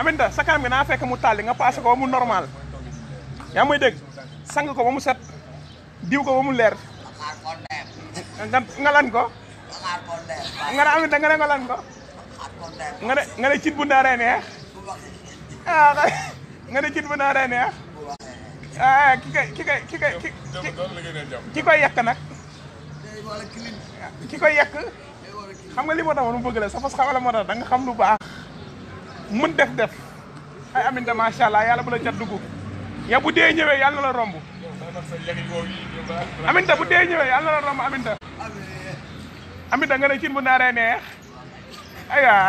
aminta sa kanam gi naa fekk mu tàlli nga paase ko ba mu normal yaa may dégg sang ko ba mu set diw ko ba mu leer nga lan ko nga ne aminta nga ne nga lan ko nga ne nga ne cin bu ndaaree neex ah? ah, nga ne cin bu ndaaree neex ah? ki koy ki koy ki koy ki koy yekk nag ki koy yekk xam nga li moo tax mu bëgg la sa fas xamala moo tax da nga xam lu baax mën def def ay aminta macha allah yàlla bu la cat dugg ya bu dee ñëwee yàlla na la romb aminta bu dee ñëwee yàlla la romb aminta aminta nga ne cin bu naaree neex aywa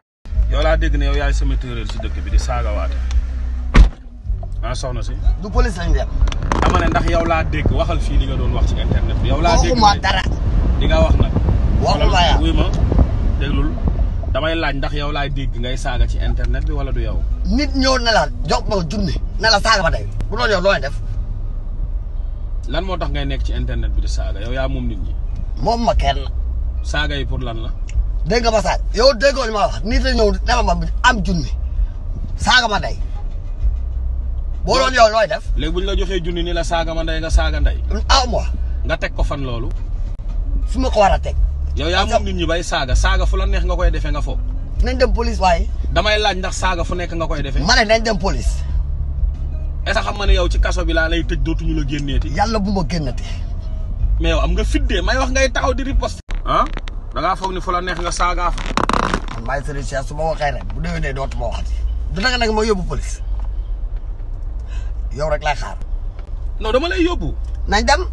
yow laa dégg na yow yaay sama si dëkk bi di saagawaate maa ah, soxna si du police lañ dem ndax yow laa dégg waxal fii li nga doon wax ci internet bi laa dégg waxuma dara di nga wax nag waxuma yaa ma déglul damay laaj ndax yow laay dégg ngay saaga ci internet bi wala du yow. nit ñëw ne la jox ma junne la saaga ba tey bu doon looy def. lan moo tax ngay nekk ci internet bi di saaga yow yaa moom nit moom ma kenn. saaga yi pour lan la. dégg nga yow déggoo li ma ñëw dama ma am junne saaga ma day boo doon yow looy def. léegi bu ñu la joxee junni nii la saaga ma ndey nga saaga ndey. ah nga teg ko fan loolu. fi ma ko war a teg. yow yaa moom nit ñi bay saaga saaga fu la neex nga koy defee nga foofu. nañ dem police waaye. damay laaj ndax saaga fu nekk nga koy defee. ma ne dem police. est xam nga ne yow ci kaso bi laa lay tëj dootuñu la génneeti. yàlla bu ma génneeti. mais am nga fiddee may wax ngay taxaw di riposte. ah da ngaa foog ni fu la nga saagaa fa. man maay su ma waxee rek bu déwénee dootuma waxati. du naka nag ma yóbbu police rek laay xaar. nañ dem.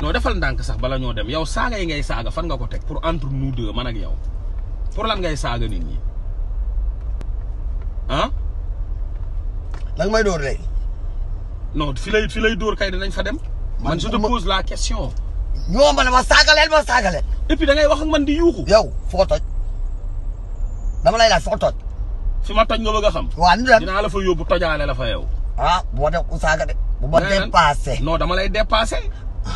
non defal ndànk sax bala ñoo dem yow saaga yi ngay saaga fan nga ko teg pour entre nous deux man ak yow pour lan ngay saaga nit ñi ah. lan may dóor léegi. non fi lay fi lay dóor kay dinañ fa dem. man je te pose la question. ñoo ma ne ma saagaleel ma saagaleel. et puis da ngay wax man di yuuxu. yow foo toj dama lay laaj foo toj. fi ma toj nga bëgg a xam. waaw ni la fa yóbbu tojaale la fa yow. ah bu ma def ku saaga de. bu ma dépassé. noo dama lay dépassé.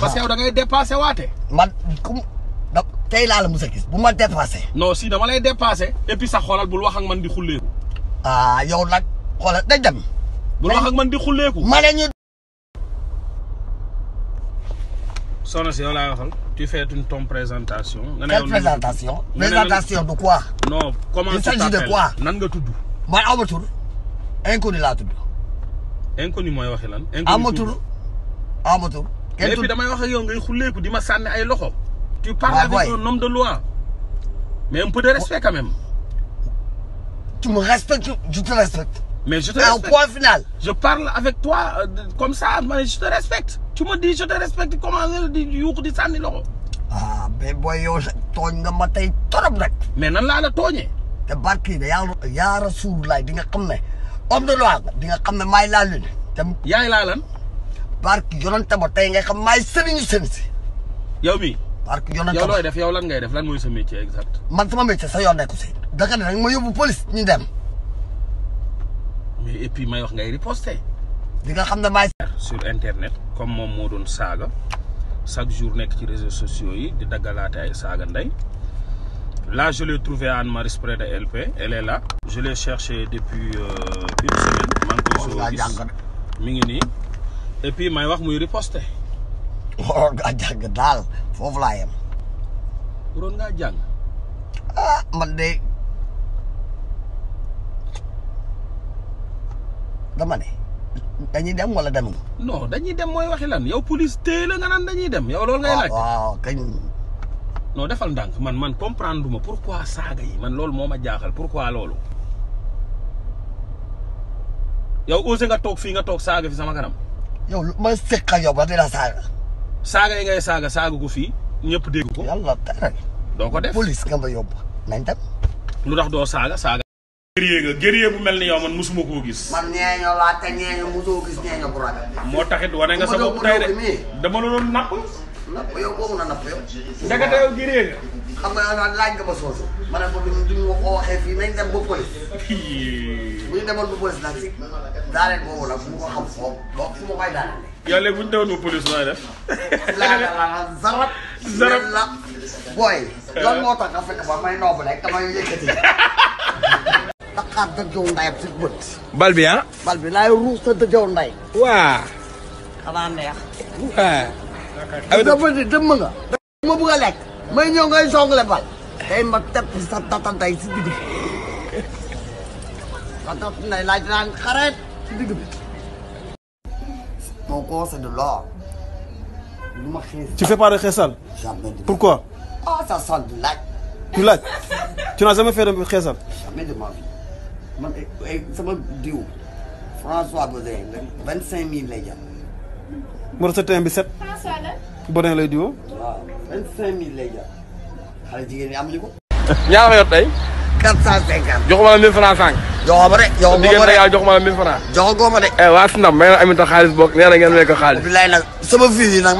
parce que yow da ngay dépassé waate. man comme da tey laa la mos a gis bu ma dépassé. non si dama lay dépassé. et puis sax xoolal bul wax man di xulleeku. ah yow nag xoolal dañ dem. bul wax man di xulleeku. ma ne ñu. soxna si yow laay waxal. tu fais une ton présentation. nga présentation. présentation de quoi. non comment de quoi. nan nga tudd. man ma tur. inconnu laa tudd. inconnu mooy waxi lan. inconnu tur aw tur et puis damay wax ak yow ngay xulleeku di ma sànni ay loxo. tu parles avec un homme de loi. mais un de respect quand tu me respectes je te respecte. mais je te respecte toi euh, comme ça man je te respecte. tu di yuuxu sànni loxo. ah mais booy yow tooñ nga ma tey torop nag. mais nan laa la tooñee. te barki da yaa yaa Rasulullah di nga xam ne homme de loi di nga xam ne maay laa lune. te yaay laa barke yonante ba tey ngay xam maay sëriñu sëriñ si. yow mi barke yonante yow looy def yow lan ngay def lan mooy sa métier exact. man sama métier sa yoon nekku si. daka ne rek ma yóbbu police ñu dem. may wax ngay riposté. di nga xam ne maay. sur internet comme moom moo doon saaga chaque jour nekk ci réseaux sociaux yi di daggalaate ay saaga ndey. la je l'ai trouvé à Anne-Marie près de LP. Elle est là. Je l'ai cherché depuis euh, une semaine. Manque et may wax muy riposte waroon ngaa jàng daal foofu laa yem waroon ngaa jàng ah man de dama ne dañuy dem wala demuñu non dañuy dem mooy waxi lan yow police téye la nga naan dañuy dem yow loolu ngay laaj waaw kañ non defal ndànk man man comprendre ma pourquoi saaga yi man loolu moo ma jaaxal pourquoi loolu yow osé nga toog fii nga toog saaga fi sama kanam yow ma seq ak yow ba dina saaga. saaga yi ngay saaga saaga ko fii ñëpp dégg ko. yàlla tere. doo ko def police nga ma yóbbu nañ dem. lu tax doo saaga saaga. gërëyee nga gërëyee bu mel ni yow man musuma koo gis. man moo taxit wane nga sa bopp tey dama la napp. yow boobu yow. ndekete xam nga daal laaj nga ma soosu ma ne ko duñ duñ ma ko waxee fii nañ dem ba police bu ñu demoon ba police nag si daaneel boobu nag fu ma ko xam foofu ba fu ma koy daaneel. yow léegi bu ñu demoon ba police nooy def. laa la zarat. zarat la booy. lan moo tax nga fekk ba may noobu rek damay yëkkati. Dakar dëjëw ndayam si bët. bal bi ah. bal bi laay ruus te dëjëw nday. waa. xanaa neex. waa. dafa di dëmm nga. ma bëgg a lekk. may ñëw ngay songle bal tey ma teg sa tatantay si digg bi sa tatantay laaj naan xareet si digg bi mon corps c'est de l'or lu ma xees tu fais pas de pourquoi ah ça tu n'as jamais fait de xeesal ma vie man sama eh, eh, diw François sa teint bi set François lay diwoo waaw vingt-cinq mille lay jar xale jigéen ñi amuñu ko. ñaar ma yor tey. quatre cent cinquante. joxu ma la mille franc sànq. joxu ma de joxu ma de diggante yàlla joxu ma la mille franc. joxu góob ma de. Eh, waa Sinam na Aminta xaalis na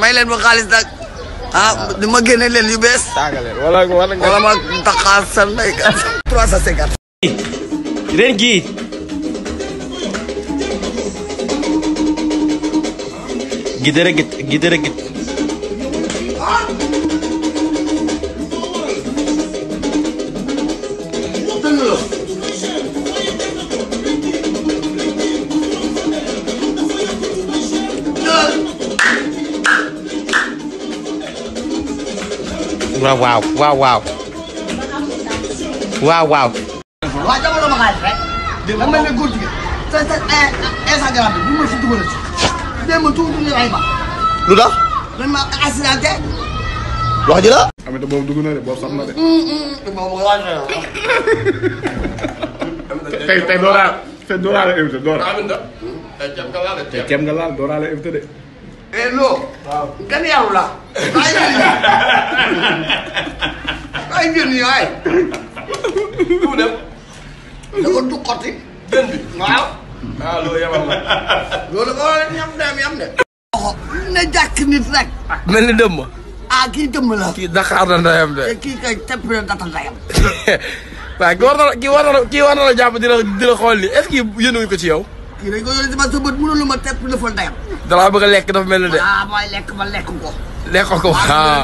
may leen ma xaalis nag. Ah, ah di ma génne leen yu bees. saaga leen wala wala nga. wala ma taxaar sa ndey kat. trois cent cinquante. ren waaw waaw waaw waaw. waaw waaw. waaw jamono ma xaalis rek. dégg nga man de góor jigéen. te te eh, eh, Instagram bi bu ma fi dugalal ci. démb tuuti ñu ay ba. lu tax. dañ ma accidenté. wax ji la. am na boobu dugg na de boobu sax na de. Mm, mm, mm. tey tey dooraa tey dooraa la invité doora. tey ceeb nga laal dooraa la invité de. eh non. waaw gan yàlla la. ay jën yi waay. fu mu dem. dafa tuqati. dën bi waaw. ah loolu yamal la. loolu boo leen ñam dem yam de. ne jàkk nit rek. mel ni dëmm. ah kii dëmm la. kii Dakar na ndeyam de. te kii kay tepp na data ndeyam. waaw kii war na kii war na kii war na la jàpp dina dina xool li est-ce que yënduñu ko ci yow. kii dañ ko yónni si ma sa bët mënul ma tepp dafa ndeyam. dara bëgg a lekk dafa mel ni de. ah mooy lekk ma lekk ko. lekk ko waaw. Ah.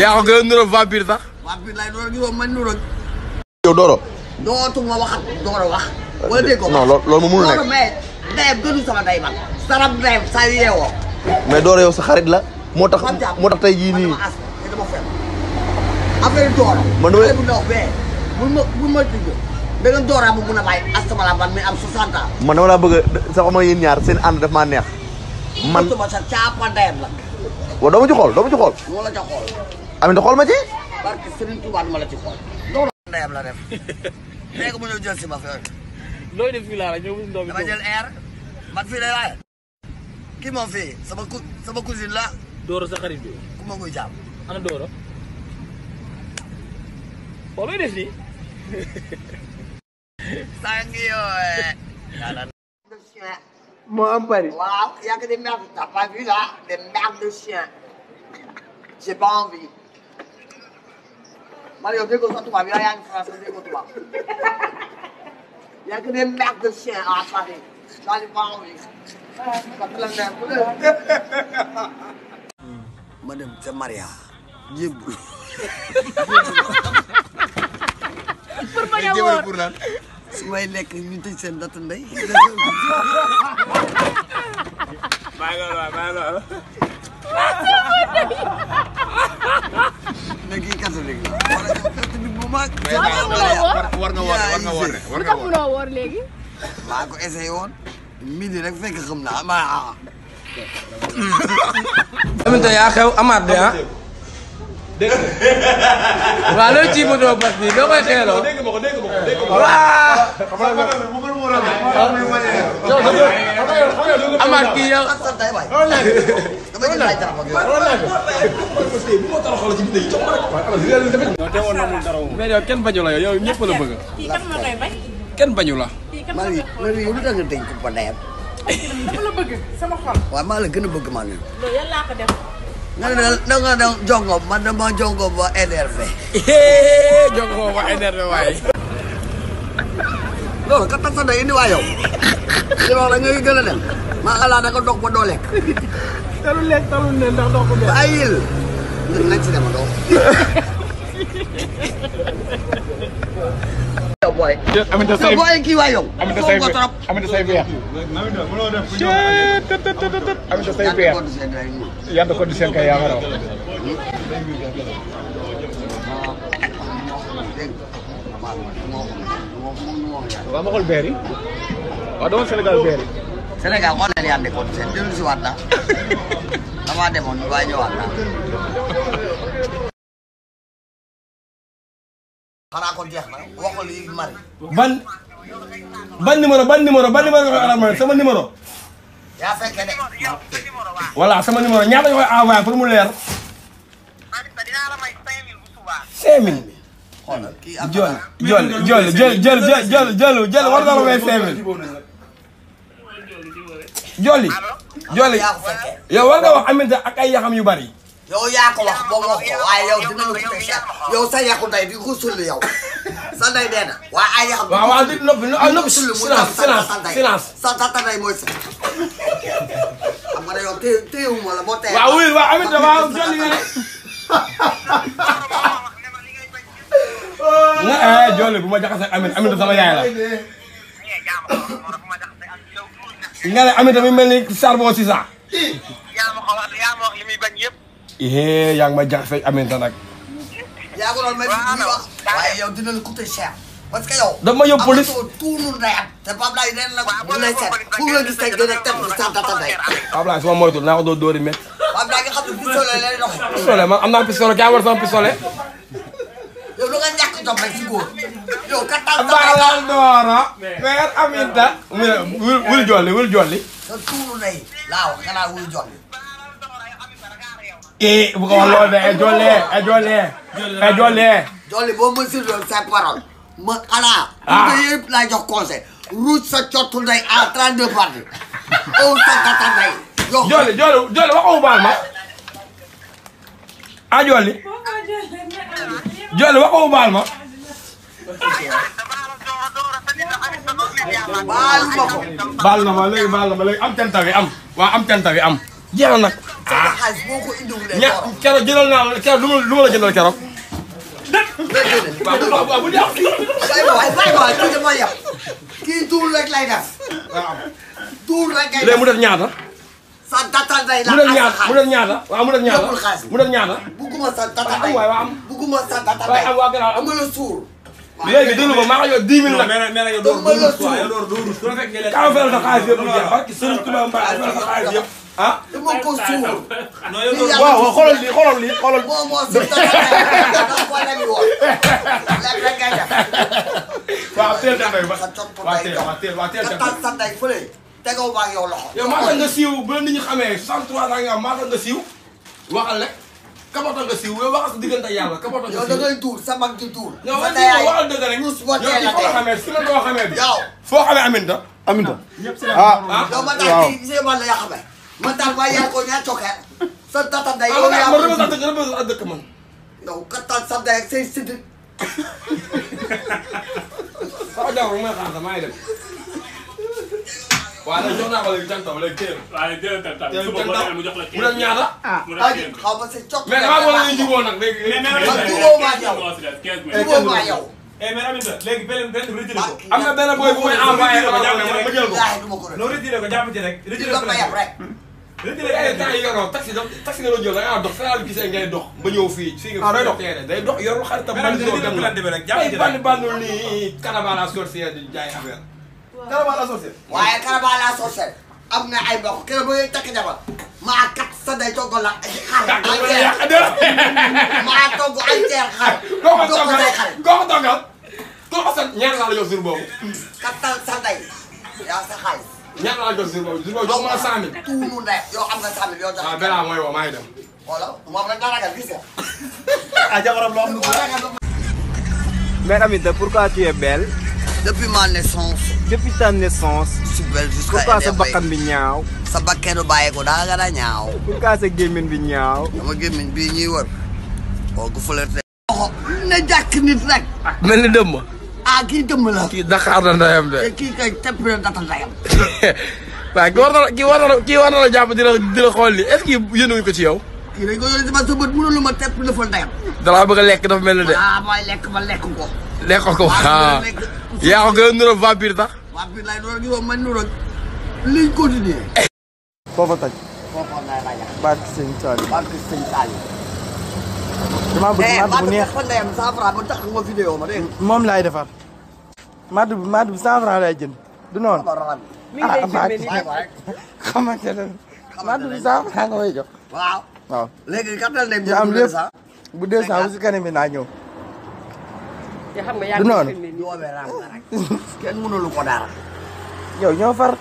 yaa ko gën a nuroo vampire sax. waaw bi lay doon yow man niróo. yow Doro. dootuma waxat Doro wax. wala dégg ko non loolu sa yeewoo. la. moo tax moo tax tey jii nii affaire Doro. man damay bu ndaw bee mun ma mun ma dugg. beneen Dora bu a bàyyi astamala ban man dama laa bëgg sax ma yéen ñaar seen ànd daf maa neex. man mosuma sa caapa ndeyam la. waaw doo ma xool doo ma xool. moo la xool ma ci. barke Serigne Touba ma la ci xool loolu ndeyam la def léegi mu ñëw jël si ma fi looy def la ñëw bu ndaw bi dama jël air man fii lay laaj kii moom fii sama la Doro sa xarit bi ku ma koy jaam ana Doro looy a que des de chien j'ai pas Mario déggoo sa tubaab yow yaa ngi France déggoo tubaab yaa ngi ne merde de chien à Paris dans les bancs yi. ma dem ca Maria jébbu. pour ma ñëw woon pour lan. su may lekk ñu tëj seen datt ndey. maa ngi lool maa ngi lool. nagikaso léegi. wala war nga woor war nga woor ne war nga woor munoo woor léegi. maa ko essayé woon. midi rek fekk xam naa ma ah. tamit yaa xew amaat de ah. dégg nga. waaw loolu ci moto bas bi doo koy xeeloo. dégg nga ko dégg nga ko dégg nga ko. waaw. amaat kii kenn bañu la yow yow ñëpp la bëgg. kenn bañu la. maa ngi léegi yow lu tax nga bëgg sama xol. waaw maa la gën a bëgg maa ngi. loolu yàlla jongo man dama jongo ba énervé. jongo ba énervé waaye. loolu kat tax sax day indi waa yow. li wax la nga gën a dem. da nga dox ba doo lekk. talul lekk dama dox. yow booy. aminte booy kii waa yow. aminte say bi aminte di seen a waaw ma xool beer yi waaw dama Sénégal beer yi. Sénégal xool na li ànd kon seen dellu si waat na damaa demoon waaye ñëwaat na. xanaa kon jeex na waxul yi mari. ban ban numéro ban numéro ban numéro nga sama numéro. yaa fekke de. voilà sama numéro ñaata nga koy envoyé pour mu leer. 5000. xool jël jël jël jël jël jël jël jël war na ko may cinq mille jolli jolli yow war nga wax Aminta ak ay yaxam yu bari yow yaa ko wax boo ma wax ko waaye yow dina la gis yow sa yàqu ndey di ko sulli yow sa ndey dee na waaye ay yaxam. waaw waaw di noppi noppi silence silence sa tata ndey mooy sa. xam nga ne yow téye téye wu ma la boo tee. waaw oui waaw Aminta waaw jolli nga ne. na ah eh, Jole bu ma jaxasee Amine Amine sama yaay nga ne Amine mel ni charbon si saa. yaa ma ko wax yaa ma wax li muy bañ ma jaxasee ko parce que yow. dama yóbbu police tuunul day te Pape Laye ren la bu lay seet pour nga gis tey gën a tegu sant ma moytuwul naa ko doon dóori mét. Pape Laye nga xam tam rek si góor. yow kattan tam rek la doora. weer aminta. wul jolli wul sa tuuru nay laa wax xanaa wul jolli. Eh, ko wax eh, eh, ma sirloon ah. sa Jolli waxoo baal ma. baal ma ko. baal na ma léegi baal na ma léegi am tenta bi am waa am tenta bi am. jeexal nag. ah ña keroog jëndal naa la keroog lu ma lu ma la jëndal keroog. waaw bu dee kii tuur rek lay def. waaw tuur rek lay def léegi mu def ñaata. sa datal day la mu doon ñaata waaw mu doon ñaata yokkul xaalis mu doon ñaata bugguma sa datal day waaw am bugguma sa datal day am waa gannaaw am la suur léegi déglu ma maa yor 10 000 nag dama la suur kaw fayal sa xaalis yëpp mu jeex barki Sëriñ Tuubaa Mbàkke fayal sa xaalis yëpp ah dama ko suur waaw waaw xoolal lii xoolal lii xoolal moo moo suur waaw teel sa ndey ba waaw teel waaw teel waaw teel sa ndey fële tegoo ba ak yow loxo. yow maa tax nga siiw ba nit ñi xamee 63 ans nga am maa tax nga siiw waxal rek kabota nga siiw yow waxal sa diggante yàlla kabota nga siiw. yow da ngay tuur sa mag ci tuur. yow waxal dëgg yow ci foo xamee si la doo foo xamee Aminta. Aminta ah ah waaw. ma daal kii gisee man la yaa xamee. man daal maa yaa ko ñaar coxee. sa tata day ah, yow yaa ko ma rëbës ak dëkk man. yow kattan sa day ak say ma xaar maa ngi dem. waaw nag jox naa ko léegi jantam léegi téeméer. waaw léegi téeméer jantam su ko boolee mu jox la téeméer mu dem ñaata. ah xaw ma sa cokk. mais damaa boole ñu jubóo nag léegi. mais mais mais jubóo maa yow jubóo maa yow. mais Aminata léegi benn benn retiré ko. am na benn boy bu may envoyé ma jël ko. non retiré ko jàpp ci rek. retiré ko rek. retiré ay temps yi yoroo taxi dox taxi nga doon jël da ngaa dox fenaa gisee ngay dox ba ñëw fii fii nga doy dox day dox yorul xaritam ban ay bann bann nii caravane sorcière di jaay affaire Caravane la sorcière. waaye Caravane la sorcière am na ay mbokk keroog ba ngay takk jabar maa kat sa day togg la xar. maa togg ay teer xar. doo ko day xar koo ko toggal koo ko sant ñaar laa la jox jour boobu. kattan sa day yaa sa xaalis. ñaar laa la jox jour boobu jour boobu jox ma cent mille. tuunu ndey yow am nga cent mille yoo jox. waaw ah, Bella mooy woo maa ngi dem. voilà moom rek daa ragal gis nga. ah jabaram loo am. mais Amita pourquoi tu es belle. depuis ma naissance. depuis ta naissance. subel jusqu'à pourquoi sa bakkan bi ñaaw. sa bakkanu bàyyeeku daa nga daa ñaaw. pourquoi sa gémmiñ bi ñaaw. sama gémmiñ bii bi wër. koo gu flirté. loxo na jàkk nit rek. mel ni dëmm. ah kii dëmm la. kii Dakar na ndeyam de. te kii kay tepp na data ndeyam. waaw kii war na kii war na kii war na la jàpp ko ci yow. kii dañu ko yëngu si ma sa bët mënul ma tepp lekk dafa mel ni de. ah mooy lekk ma lekk ko. lekk ko waaw ah. yaa ko gën a nuroo waaw bi lay doon juróom man niróo foofa toj. foofa lay laajal. barke sëñ Saliou. barke sëñ eh, bu neex moom laay defar. madd bu madd bu cent franc laay jënd du noonu. ah barke xamante ne bu cent franc nga may jox. waaw waaw léegi katal nañ. bu am lépp bu deux cent bu si kanam bi naa te xam nga yaa ngi noonu kenn mënulu ko dara. yow ñoo far.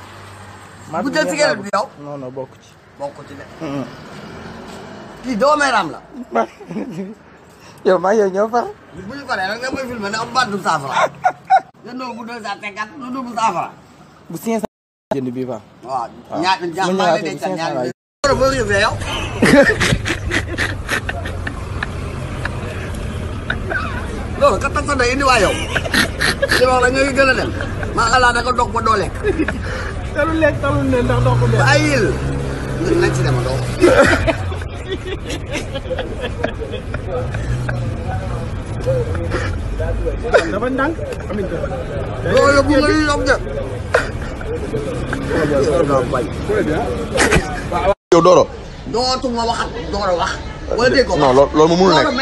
bu jël cigarette bi yow. non non bokk ci. bokk ci de. kii doomeeram la. yow maa yow ñoo far. bu ñu paree rek nga may du saafara. nga noo bu deux cent cinquante nu du bu saafara. bu cinq cent bii ba. loolu kat sa day indi waa la nga gën a dem maa xalaat da ko dox ba doo lekk. dem a dox. dafa ndànk amiin. loolu bu nga wax. wala dégg ko non loolu loolu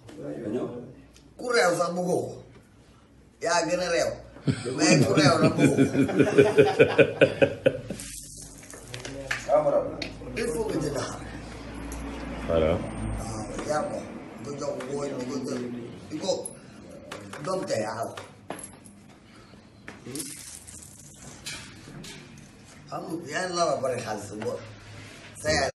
ñëw ku réew sax bëggoo ko yaa gën a réew mais ku réew nag bëggoo ko il faut que jënd xam voilà waaw ah, yaa ko nga jox wooy na ko jël di ko doom te yaa la xam yaa la ba bari xaalis boo sa yaay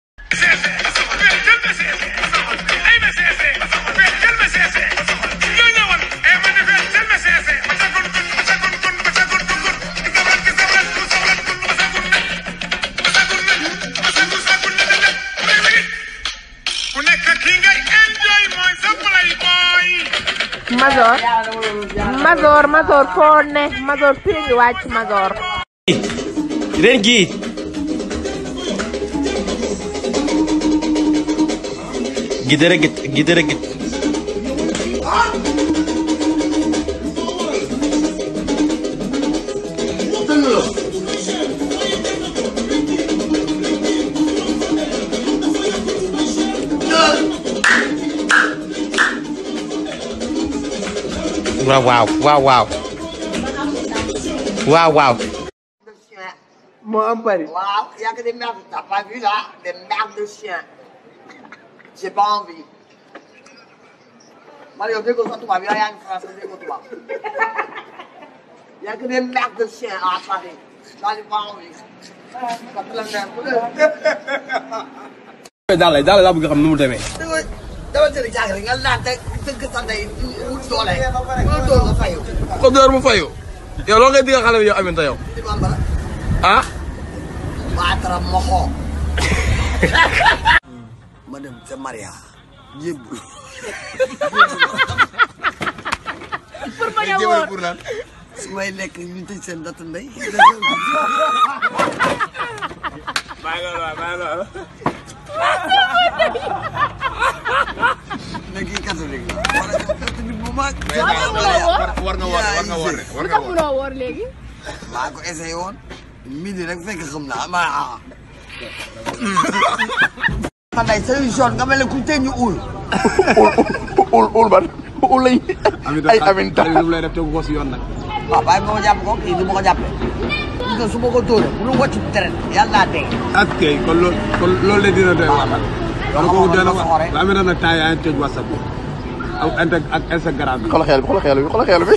Masor foo ne Masor fii ngi wàcc Masor. ren gii gidere git gidere git Wow, wow, wow, wow. waaw waaw. moo am Paris. waaw y a que des merdes t'as pas vu là des merdes de chien j'ai pas envie. man yow déggoo sa tubaab yow yaa ngi français déggoo tubaab y a que des merdes de chien à Paris j'ai pas envie. daal la daal laa bëgg xam nu mu demee. dama jëli jàng rek nga naan te tëgg sa ndey mu doole mu doole nga fayoo. ko door mu fayoo. yow loo ngay digal xale bi yow Aminta yow. ah. baatara moxo. ma dem ca Maria. yëngu. pour ma ñëw woon pour lan. su may lekk ñu tëj seen datu ndey. maa ngi lool maa ngi lool. nekk catholique la. wala catholique bu mag. war nga woor war nga woor rek war nga woor lu tax munoo woor léegi. maa ko essayé woon midi rek fekk xam naa ma ah. man day solution nga mel ne ku tëj ñu uul. uul uul ban uul lañ. ay aminta ay lu lay def tegu ko si yoon nag. waaw bàyyi ma ko jàpp ko kii ni ma ko jàppee. parce que su ma ko tóoree bu ñu wàcc tere yàlla naa dee. ok ah, kon loolu kon loolu la dina doy waar. waaw ah. loolu kooku doy na waar daa mel ne nag temps yaa ngi tëj whatsapp ak Instagram bi. xoolal xeel bi kolo xeel bi xoolal xeel bi.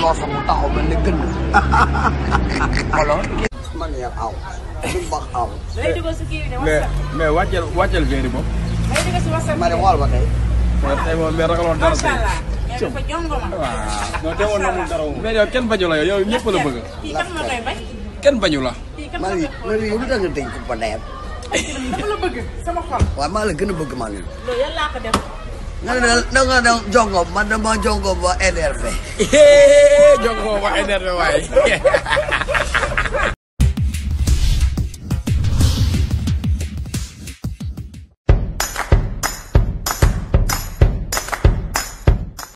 loo fa mu taxaw mel ni gën. alors. man yaa aw. suñu baax aw. mais mais wàcceel wàcceel veeri moom. ma ne xool ba tey. tey moom mais ragaloon dara kenn bañu la yow yow ñëpp la bëgg. kenn bañu la. kii kan ma yow lu tax nga ba ndeyam. dama la maa la gën a bëgg maa ngi. loolu yàlla laa nga ne da nga da jongo man dama jongo ba NRV. jongo ba NRV waaye.